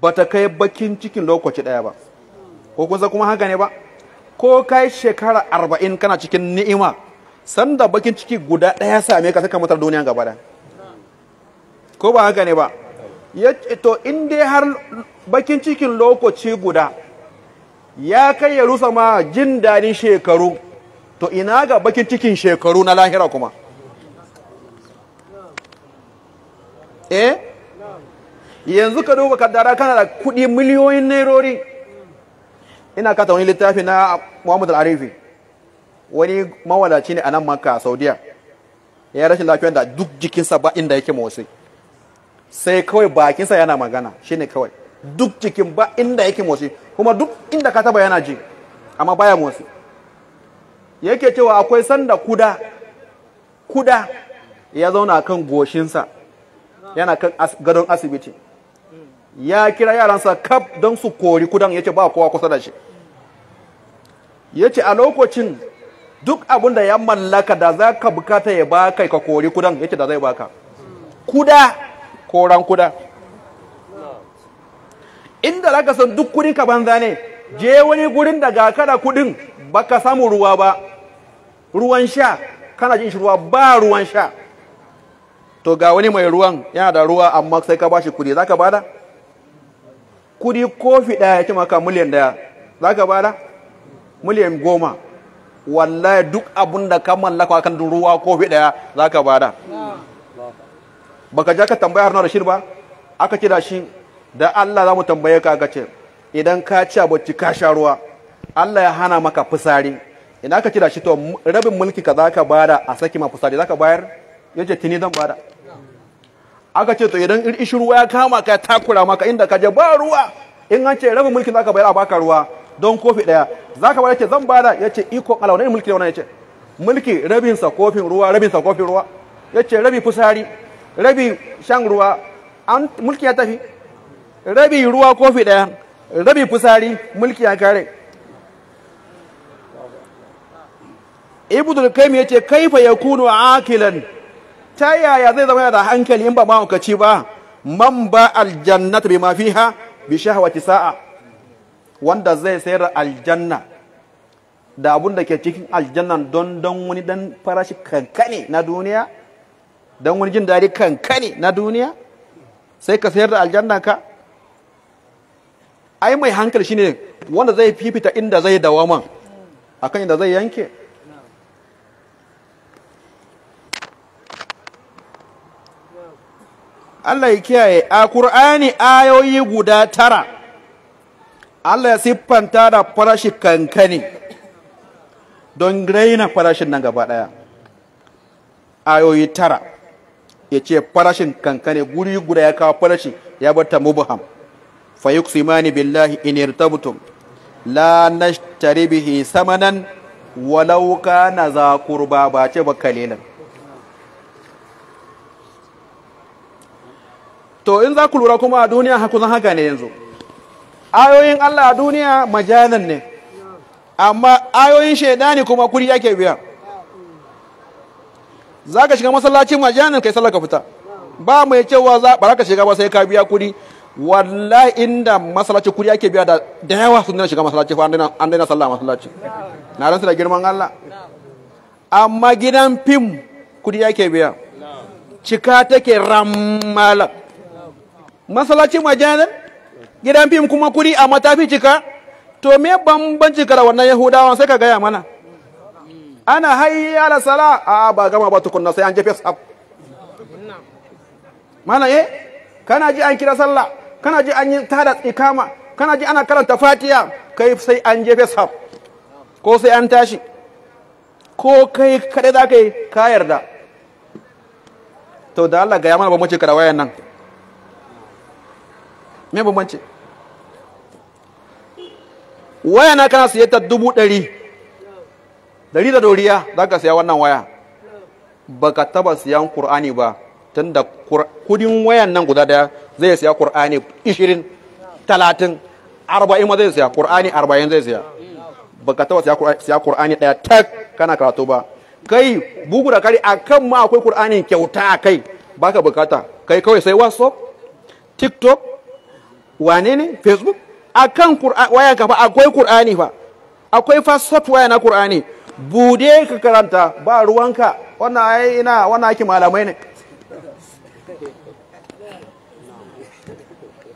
bata kai bakin cikin lokaci daya ba ko kun kuma haka ne ba ko kai shekara arba'in kana cikin ni'ima sanda bakin ciki guda daya same ka saka mutar duniya gaba daya ko ba haka ne ba to in dai har bakin cikin lokaci guda ya kai ya rusa ma jin daɗin shekaru to ina ga bakin cikin shekaru na lahira kuma eh yanzu ka duba kaddara kana da kuɗi miliyoyin nairori ina kata wani littafi na muhammad al-arifi wani mawalaci ne a nan maka a saudiya ya rashin lafiyar da duk jikinsa ba inda yake motsi sai kawai bakinsa yana magana shi ne kawai duk cikin ba inda yake motsi kuma duk inda ka taba yana ji amma baya motsi yake cewa akwai sanda kuda kuda ya zauna kan goshinsa yana kan gadon asibiti ya kira yaransa kaf don su kori kudan yace ba kowa kusa da shi yace a lokacin duk abin da ya mallaka da za ka bukata ya ba kai ka kori kudan yace da zai baka kuda koran kuda inda za san duk kudin ka banza ne je wani gurin da ga kada kudin ka samu ruwa ba ruwan sha kana jin ruwa ba ruwan sha to ga wani mai ruwan yana da ruwa amma sai ka bashi kudi zaka bada kudi kofi daya ya ce maka miliyan daya zaka bada miliyan goma wallahi duk abun da ka mallaka kan ruwa kofi daya zaka bada baka ja ka tambaya Haruna Rashid ba aka ce da shi da Allah za mu tambaye ka ka ce idan ka ci abinci ka sha ruwa Allah ya hana maka fusari Ina aka ce da shi to rabin mulki ka za ka bada a saki ma fusari za ka bayar yace tini zan bada aka ce to idan ishi ruwa ya kama ka takura maka inda ka je ba ruwa in an ce rabin mulki za ka bayar a baka ruwa don kofi daya za ka bayar ce zan bada ya ce iko Allah ne mulki ne wannan ya ce mulki rabinsa kofin ruwa rabinsa kofin ruwa ya ce rabi fusari rabi shan ruwa an mulki ya tafi rabi ruwa kofi daya rabi fusari mulki ya kare kai kaim ce kaifa a akilan ta yaya zai zama da hankali in ba ma mahaukaci ba man ba aljannata bima fiha bi shahwati sa'a wanda zai sayar aljanna da abun da ke cikin aljannan don don wani dan farashi kankane na duniya don wani jin daɗi kanka na duniya sai ka sayar da aljanna ka ai mai hankali shine wanda zai fifita inda zai dawaman akan inda zai yanke Allah ya kiyaye a Kur'ani ayoyi guda tara Allah ya siffanta da farashi kankani don raina farashin nan gaba ɗaya ayoyi tara ya ce farashin kankane guri guda ya kawo farashi ya bata mubham fa yuqsimani billahi in irtabtum la nashtari bihi samanan walau kana za qurba ba ce ba kalilan to in za ku lura kuma a duniya haku zan haka ne yanzu ayoyin Allah a duniya majanan ne amma ayoyin shaidani kuma kuri yake biya za ka shiga masallacin majanin kai sallar ka fita ba mai cewa za ba za ka shiga ba sai ka biya kuɗi wallahi inda masallaci kuɗi ake biya da da yawa sun dana shiga masallaci fa an daina sallah masallaci na ran su da girman Allah amma gidan fim kuɗi ake biya cika take rammala masallaci majanin gidan fim kuma kuɗi amma tafi cika to me bambanci kara wannan yahudawan sai ka gaya mana ana hayya ala sala a ah, ba gama ba tukunna sai an jefe sab mana eh kana ji an kira sallah kana ji an yi tada ikama kana ji ana karanta fatiha kai sai an jefe sab ko sai an tashi ko kai kada za ka yi ka yarda to da Allah ga ya mana mu ka da wayan nan me bambanci waya wayana kana siye ta dubu ɗari dari da doriya za ka saya wannan waya ba ka taba siyan Kur'ani ba tunda kudin wayan nan guda daya zai siya Kur'ani 20 30 40 ma zai siya Kur'ani 40 zai siya ba ka taba siya Kur'ani daya tak kana karatu ba kai bugu da kari akan ma akwai Kur'ani kyauta kai ba ka bukata kai kawai sai WhatsApp TikTok wane ne Facebook akan kan wayan ka fa akwai Kur'ani fa akwai fa software na Kur'ani bude ka karanta ba ruwanka wannan ai ina wannan ake malamai ne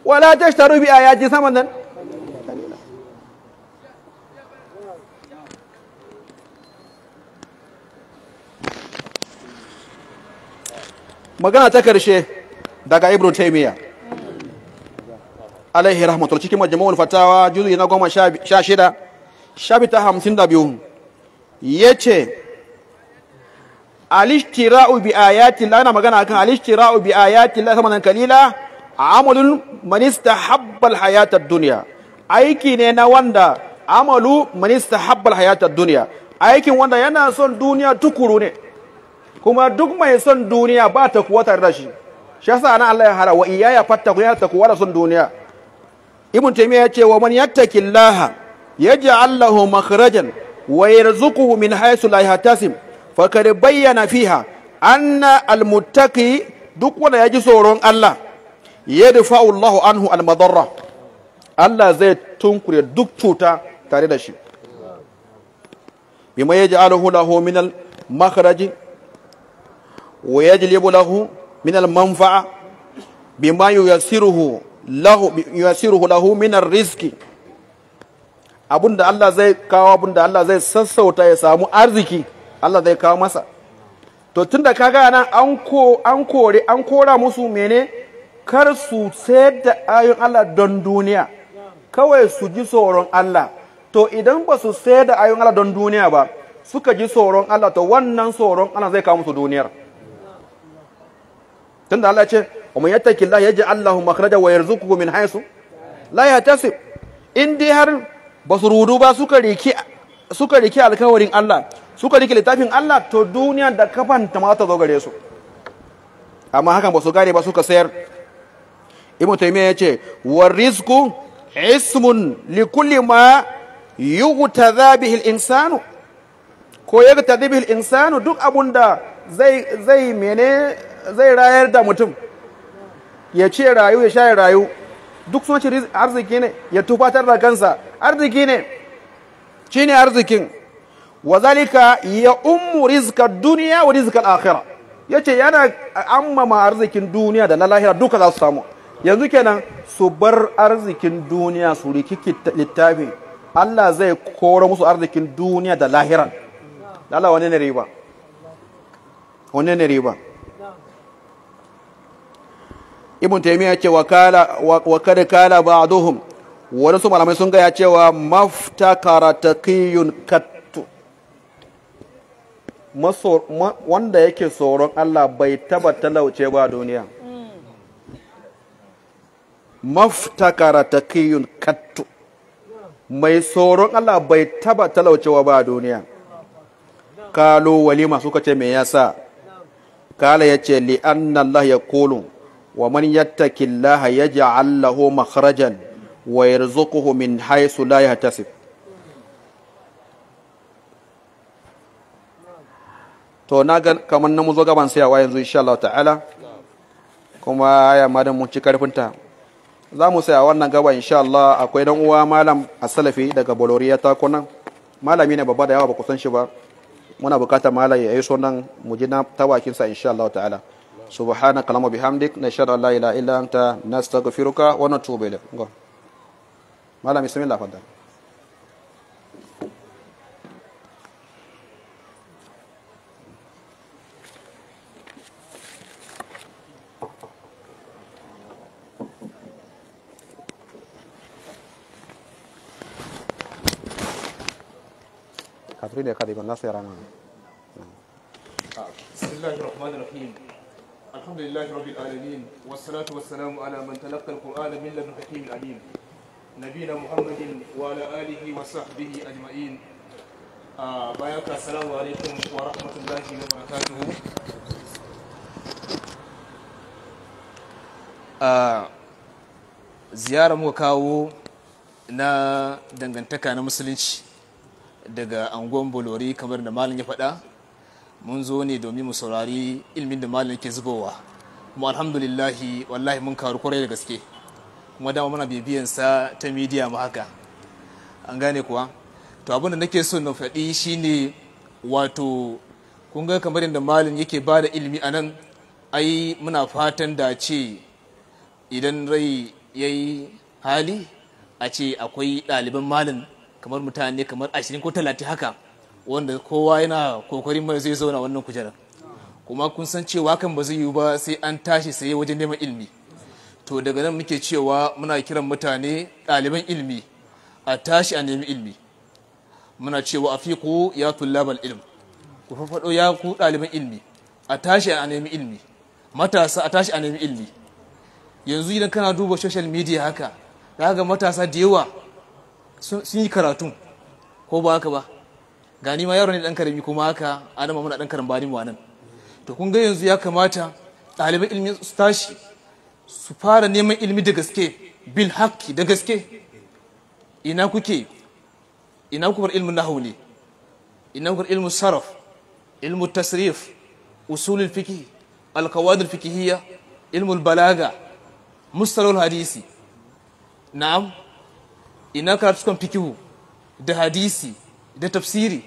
wala ta rubi bi yaji saman nan magana ta karshe daga ibnu taimiyya. alaihi rahmatul cikin majmu'ul fatawa juzu na goma sha shida sha ta hamsin da biyu ya ce alishtira'u bi ayati ana magana kan alishtira'u bi ayati Allah samanan kalila amalun man istahabba al-hayata ad-dunya aiki ne na wanda amalu man istahabba al-hayata dunya aikin wanda yana son duniya tukuru ne kuma duk mai son duniya ba ta kuwa tare da shi shi yasa nan Allah ya hara wa iyaya ku ya takuwa da son duniya ibn taymiya ya ce wa man yattaqillaha yaj'al lahu makhrajan ويرزقه من حيث لا يحتسب فقد بين فيها ان المتقي دكولا يجي سورون الله يدفع الله عنه المضره الله زي تنكر دك توتا تاريدشي بما يجعله له من المخرج ويجلب له من المنفعه بما ييسره له ييسره له من الرزق abin da Allah zai kawo abin da Allah zai sassauta ya samu arziki Allah zai kawo masa to tun da kaga nan an ko an kore an kora musu mene kar su sayar da ayoyin Allah don duniya kawai su ji tsoron Allah to idan ba su sayar da ayoyin Allah don duniya ba suka ji tsoron Allah to wannan tsoron Allah zai kawo musu duniyar tun da Allah ce wa man yattaki Allah yaji Allahu makhraja wa yarzuquhu min haythu la yahtasib in dai har ba su rudu ba suka riki alkawarin Allah suka riki littafin Allah to duniya da kafan ta mata zo gare su amma hakan ba su gane ba suka sayar ibnu taymiya yace wa rizqu ismun li kulli ma yughtaza bihi al-insanu ko yughtaza bihi al-insanu duk abunda zai zai zai rayar da mutum ya ce rayu ya sha rayu duk suna ce arziki ne ya tufatar da kansa arziki ne shi ne arzikin wa zalika ya ummu rizka duniya wa rizka al'akhira ya ce yana ammama arzikin duniya da na lahira duka za su samu yanzu kenan su bar arzikin duniya su rikiki littafi Allah zai koro musu arzikin duniya da lahiran Allah ne ne riba wani ne riba ibn taymiya ce wa kala wa kada kala ba'dhum wani su malamai sun gaya cewa maftakara taqiyun kattu wanda yake tsoron Allah bai taba talauce ba duniya maftakara taqiyun kattu mai tsoron Allah bai taba talaucewa ba duniya kalo walima suka ce me yasa kala yace li anna Allah yaqulu ومن يتق الله يجعل له مخرجا ويرزقه من حيث لا يحتسب to na ga kamar na muzo gaban sayawa yanzu insha Allah ta'ala kuma ya madan mun ci karfinta za mu saya wannan gaba insha Allah akwai dan uwa malam asalafi daga boloriya ta kunan malami ne babba da yawa ba ku san shi ba muna bukatar malam ya yi so nan mu ji na tawakin sa insha Allah ta'ala سبحانك اللهم وبحمدك نشهد ان لا اله الا انت نستغفرك ونتوب اليك مالا بسم الله فضل كاترين يا كاتب الناس يا رمان بسم الله الرحمن الرحيم الحمد لله رب العالمين والصلاة والسلام على من تلقى القرآن من لدن حكيم عليم نبينا محمد وعلى آله وصحبه أجمعين آه بايك السلام عليكم ورحمة الله وبركاته آه ziyarar muka kawo na dangantaka na musulunci daga angon bolori kamar da malin ya faɗa mun zo ne domin mu saurari ilmin da malam ke zubowa kuma alhamdulillahi wallahi mun karu kwarai da gaske kuma dama muna bibiyan sa ta midiya ma haka an gane kuwa to abin da nake so na faɗi shine wato kun ga kamar yadda malam yake ba da ilimi a nan ai muna fatan da ce idan rai ya yi hali a ce akwai ɗaliban malam kamar mutane kamar ashirin ko talatin haka wanda kowa yana kokarin mai zai zauna wannan kujerar kuma kun san cewa kan ba zai yiwu ba sai an tashi sai wajen neman ilimi to daga nan muke cewa muna kiran mutane ɗaliban ilimi a tashi a nemi ilimi muna cewa afiku ya tullabal ilim. ku faɗo ya ku ɗaliban ilimi a tashi a nemi ilimi matasa a tashi a nemi ilimi yanzu idan kana duba social media haka za ga matasa da yawa sun yi karatun. ko ba haka ba gani ma yaro ne dan karami kuma haka adama muna dan karambani mu nan to kun ga yanzu ya kamata ɗaliban ilimi su tashi su fara neman ilimi da gaske bil haqqi da gaske ina kuke ina bar ilmin nahwu ne ina kubar ilmin saraf ilmin tasrif usulul fiqh al qawaid al fiqhiyya ilmul balaga mustalahul hadisi na'am ina karatukan fikihu da hadisi da tafsiri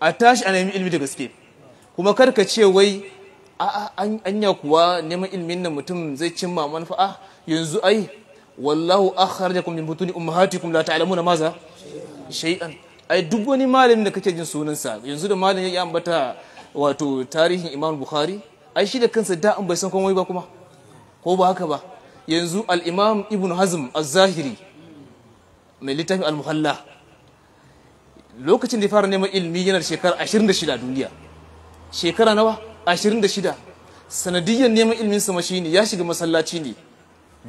a tashi a nemi ilmi da gaske kuma karka ce wai a ya kuwa neman ilmin nan mutum zai cimma manufa ah, yanzu ai wallahu kuma min kuma ummahatikum la ta'lamuna maza shai'an ai duk wani malamin da kake jin sunansa yanzu da malamin ya ambata wato tarihin Imam Bukhari ai shi da kansa da'an bai san komai ba kuma ko ba haka ba yanzu al Ibn Hazm az-Zahiri mai littafi al-Muhalla lokacin da ya fara neman ilimi yana da shekara shida a duniya shekara nawa ashirin da shida sanadiyyar neman ilimin sama ne ya shiga masallaci ne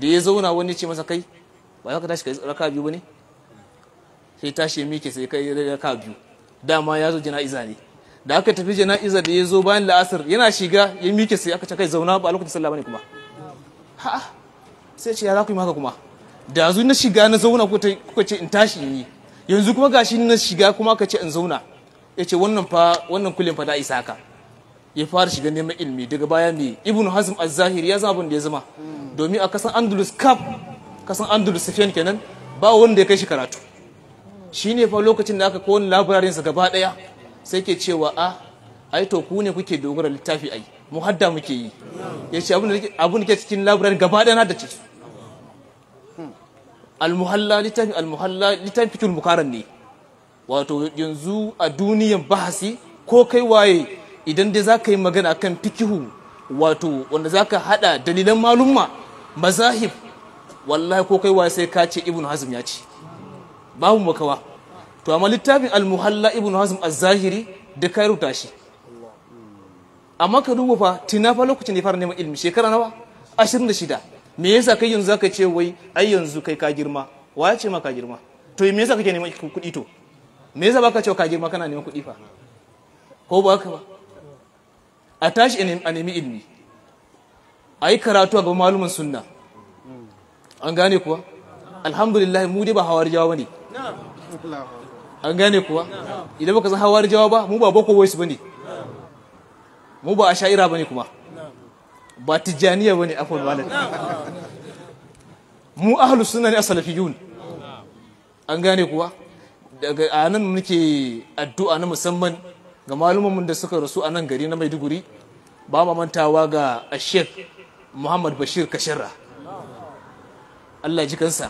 da ya zauna wani ce masa kai ba za ka tashi ka raka biyu ba ne? sai tashi mike sai kai raka biyu dama ya zo jana'iza ne da aka tafi jana'iza da ya zo bayan la'asar yana shiga ya mike sai aka kai zauna ba a lokacin sallah bane kuma ha sai ce ya za ku yi maka kuma da zuwa na shiga na zauna kuka ce in tashi in yi yanzu kuma gashi na shiga kuma ka ce in zauna ya ce wannan fa wannan kulin fa ta isa ka ya fara shiga neman ilimi daga baya mai ibn hazm az-zahiri ya zama da ya zama domin a kasan andalus kaf kasan andalus safiyan kenan ba wanda ya kai shi karatu shine fa lokacin da aka kowane labarin sa gaba daya sai ke cewa a ai to ku ne kuke dogara littafi ai mu hadda muke yi ce abun da abun da ke cikin labarin gaba daya na da ce. almuhalla littafin almuhalla littafin fikir mukaran ne wato yanzu a duniyar bahasi ko kai waye idan dai zaka yi magana kan fikihu wato wanda zaka hada haɗa dalilan malumma mazahib wallahi ko kai waye sai ka ce ibn hazm ya ce babu makawa to amma littafin almuhalla ibn hazm az-zahiri da ka rubuta shi amma ka duba fa tina fa lokacin ya fara neman ilimi shekara nawa shida. me yasa kai yanzu zaka ce wai ai yanzu kai ka girma wa ya ce ma ka girma to me yasa kake neman kuɗi to me yasa baka cewa ka girma kana neman kuɗi fa ko ba ka ba a tashi a nemi ilimi a yi karatu a ga malumin sunna an gane kuwa alhamdulillah mu dai ba hawar jawa ba ne. an gane kuwa idan baka san hawar jawa ba mu ba boko boys ne. mu ba a sha'ira ne kuma ba tijaniya bane afwan malam mu ahlus sunna ne as-salafiyun an gane kuwa daga anan muke addu'a na musamman ga malumanmu da suka rasu a nan gari na Maiduguri ba ma mantawa ga Sheikh Muhammad Bashir Kashirra Allah ji kansa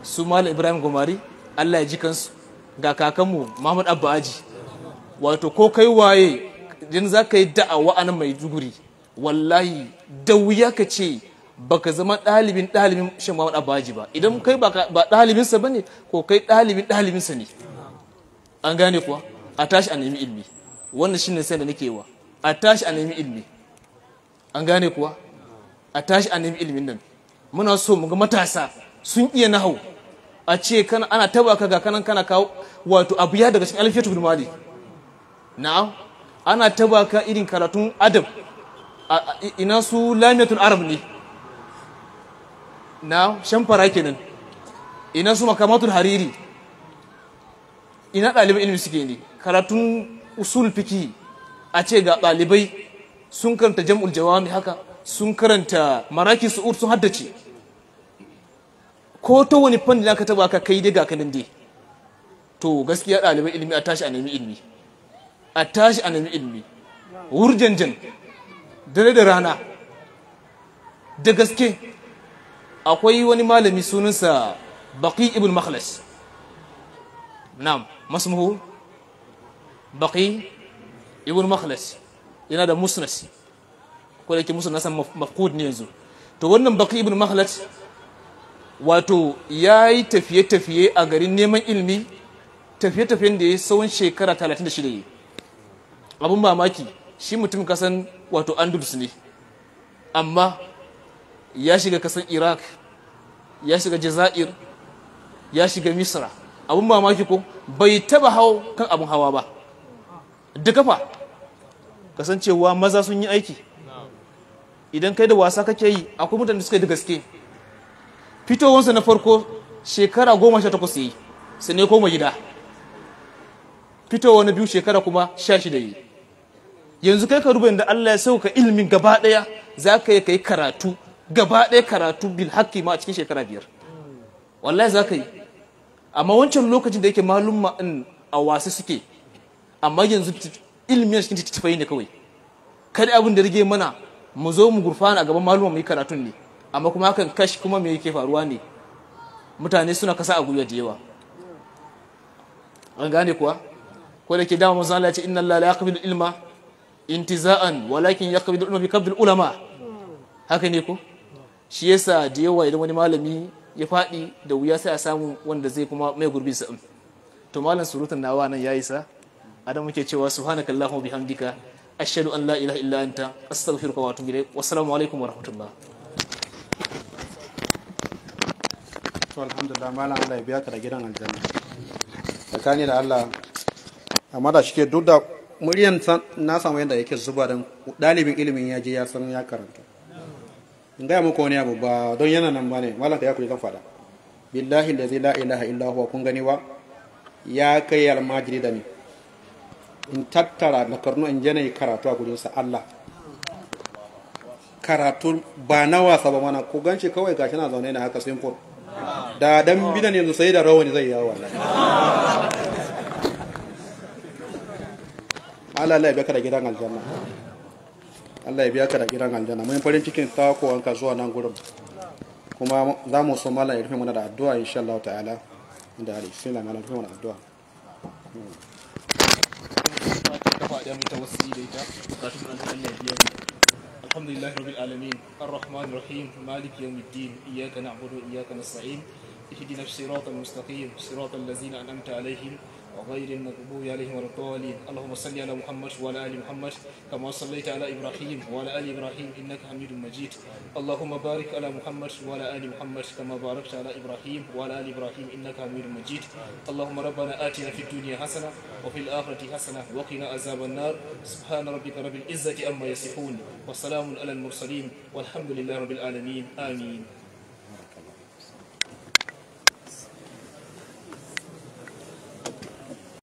su Malam Ibrahim Gomari Allah ji kansu ga kakanmu Muhammad Abba Aji wato ko kai waye din za ka yi da'awa a nan Maiduguri wallahi da wuya ka ce baka zama ɗalibin ɗalibin shan Muhammad Abaji ba idan kai ba ɗalibinsa ba ne ko kai ɗalibin ɗalibinsa ne an gane kuwa a tashi a nemi ilmi wannan shi ne sai da nake wa a tashi a nemi ilmi an gane kuwa a tashi a nemi ilmin nan muna so mu ga matasa sun iya nahau a ce kana ana taba ka ga kanan kana kawo wato abu ya daga cikin alfiyatu bin na'am ana taba ka irin karatun adab ina su lamiyatul arab ne na shamfara kenan ina su makamatul hariri ina ɗaliban ilimi suke ne karatun usul fiki a ce ga ɗalibai sun karanta jam'ul jawami haka sun karanta maraki su'ur sun haddace ko ta wani fanni ka taba ka kai daga ga kanin dai to gaskiya ɗaliban ilimi a tashi a nemi ilimi a tashi a nemi ilimi wurjanjan dare da rana da gaske akwai wani malami sunansa baki ibn makhlas na'am masmuhu baki ibn makhlas yana da musnasi ko da yake san mafqud ne yanzu to wannan baki ibn makhlas wato yayi tafiye-tafiye a garin neman ilimi tafiye-tafiyen da ya tsawon shekara 36 abin mamaki shi mutum kasan wato andalus ne amma ya shiga kasan iraq ya shiga jazair ya shiga misra abin mamaki ko bai taba hau kan abin hawa ba duka fa kasancewa maza sun yi aiki idan kai da wasa kake yi akwai mutane suka yi da gaske fitowansa na farko shekara goma sha takwas yi sai ne koma gida fitowa na biyu shekara kuma sha shida yi yanzu kai ka ruba da Allah ya sauka ilimin gaba daya za ka yi kai karatu gaba daya karatu bil haqqi ma a cikin shekara biyar wallahi za ka yi amma wancan lokacin da yake malumma in a wasu suke amma yanzu ilimin cikin tafai ne kawai kada abin da rage mana mu zo mu gurfana a gaban malumma mu yi karatun ne amma kuma hakan kashi kuma me yake faruwa ne mutane suna kasa a gwiwa da yawa an gane kuwa ko da ke dama manzo Allah ya ce inna Allah la yaqbilu ilma intiza'an walakin ya kabi da bi kabdul ulama haka ne ko shi yasa da yawa idan wani malami ya fadi da wuya sai a samu wanda zai kuma mai gurbi sa to malam surutan nawa nan ya sa adam muke cewa subhanaka allahumma bihamdika ashhadu an la ilaha illa anta astaghfiruka wa atubu ilayk wassalamu alaikum wa rahmatullah to alhamdulillah malam Allah ya biya ka da gidan aljanna tsakani da Allah amma da shike duk da muryan na samu yadda yake zuba don Dalibin ilimin ya je ya san ya karanta in gaya muku wani abu ba don yana nan ba ne malam ya kuje zan fada billahi da zai la'ilaha illahu kun gani wa? ya kai almajiri da ni in tattara na karnu in jana yi karatu a gudunsa allah karatu ba na wasa ba mana ku ganci kawai gashi na zaune na haka simple da dan bidan yanzu sai da rawani zai yawa Allah ya biya ka da gidan aljanna Allah ya biya ka da gidan aljanna mun farin cikin an ka zuwa nan gurin kuma za mu so mallan ya rufe mana da addu'a insha Allah ta'ala inda ali sai na mallam rufe mana addu'a الحمد لله رب العالمين الرحمن الرحيم مالك يوم الدين إياك نعبد وإياك نستعين اهدنا الصراط المستقيم صراط الذين أنعمت عليهم وغير المغضوب عليهم ولا الضالين اللهم صل على محمد وعلى ال محمد كما صليت على ابراهيم وعلى ال ابراهيم انك حميد مجيد اللهم بارك على محمد وعلى ال محمد كما باركت على ابراهيم وعلى ال ابراهيم انك حميد مجيد اللهم ربنا اتنا في الدنيا حسنه وفي الاخره حسنه وقنا عذاب النار سبحان ربك رب العزه عما يصفون وسلام على المرسلين والحمد لله رب العالمين امين